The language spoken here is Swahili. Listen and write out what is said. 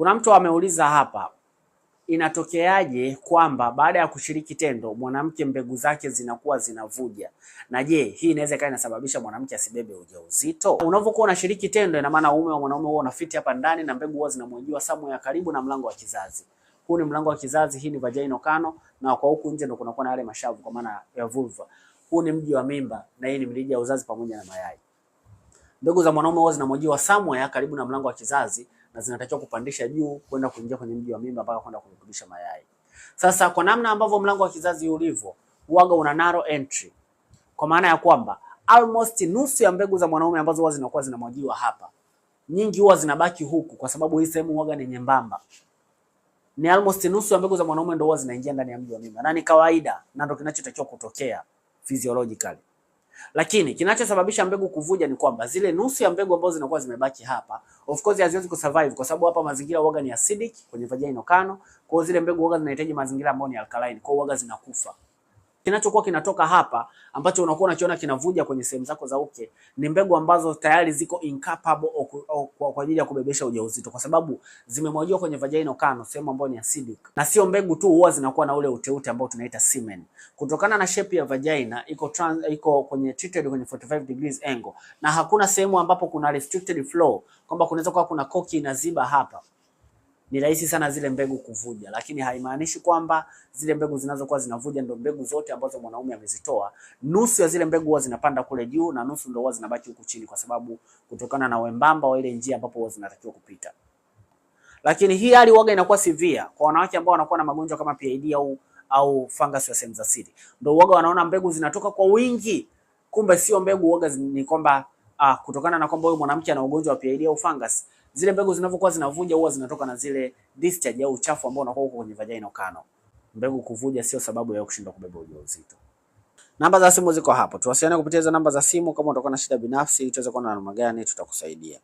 Kuna mtu ameuliza hapa, inatokeaje kwamba baada ya kushiriki tendo mwanamke mbegu zake zinakuwa zinavuja? Na je, hii inaweza ikawa inasababisha mwanamke asibebe ujauzito? Unavyokuwa unashiriki tendo, ina maana uume wa mwanaume huwa unafiti hapa ndani na mbegu huwa zinamwagiwa samu ya karibu na mlango wa kizazi. Huu ni mlango wa kizazi, hii ni vagina kano, na kwa huku nje ndo kunakuwa na yale mashavu kwa maana ya vulva. Huu ni mji wa mimba na hii ni mirija ya uzazi pamoja na mayai. Mbegu za mwanaume huwa zinamwagiwa samu ya karibu na mlango wa kizazi na zinatakiwa kupandisha juu kwenda kuingia kwenye mji wa mimba mpaka kwenda kurutubisha mayai. Sasa kwa namna ambavyo mlango wa kizazi ulivyo, uwaga una narrow entry, kwa maana ya kwamba almost nusu ya mbegu za mwanaume ambazo huwa zinakuwa zinamwagiwa hapa, nyingi huwa zinabaki huku, kwa sababu hii sehemu huwaga ni nyembamba ni almost nusu ya mbegu za mwanaume ndio huwa zinaingia ndani ya mji wa mimba, na ni kawaida na ndio kinachotakiwa kutokea physiologically. Lakini kinachosababisha mbegu kuvuja ni kwamba zile nusu ya mbegu ambazo zinakuwa zimebaki hapa, of course haziwezi kusurvive kwa sababu hapa mazingira huwa ni acidic kwenye vagina kano, kwa hiyo zile mbegu huwa zinahitaji mazingira ambayo ni alkaline, kwa hiyo huwa zinakufa kinachokuwa kinatoka hapa ambacho unakuwa unakiona kinavuja kwenye sehemu zako za uke ni mbegu ambazo tayari ziko incapable kwa ajili ya kubebesha ujauzito, kwa sababu zimemwagiwa kwenye vaginal canal, sehemu ambayo ni acidic. Na sio mbegu tu, huwa zinakuwa na ule uteute ambao tunaita semen. Kutokana na shape ya vagina iko trans, iko kwenye treated kwenye 45 degrees angle, na hakuna sehemu ambapo kuna restricted flow, kwamba kunaweza kuwa kuna koki inaziba hapa ni rahisi sana zile mbegu kuvuja, lakini haimaanishi kwamba zile mbegu zinazokuwa zinavuja ndo mbegu zote ambazo mwanaume amezitoa. Nusu ya zile mbegu huwa zinapanda kule juu na nusu ndo huwa zinabaki huku chini, kwa sababu kutokana na wembamba wa ile njia ambapo huwa zinatakiwa kupita. Lakini hii hali huwa inakuwa severe kwa wanawake ambao wanakuwa na magonjwa kama PID au au fungus ya sehemu za siri, ndo huwa wanaona mbegu zinatoka kwa wingi, kumbe sio mbegu, huwa ni kwamba ah, kutokana na kwamba huyu mwanamke ana ugonjwa wa PID au fungus, zile mbegu zinavyokuwa zinavuja huwa zinatoka na zile discharge au uchafu ambao unakuwa uko kwenye vaginal canal. Mbegu kuvuja sio sababu ya kushindwa kubeba ujauzito. Namba za simu ziko hapo, tuwasiliane kupitia hizo namba za simu. Kama utakuwa na shida binafsi, tuweze kuona namna gani tutakusaidia.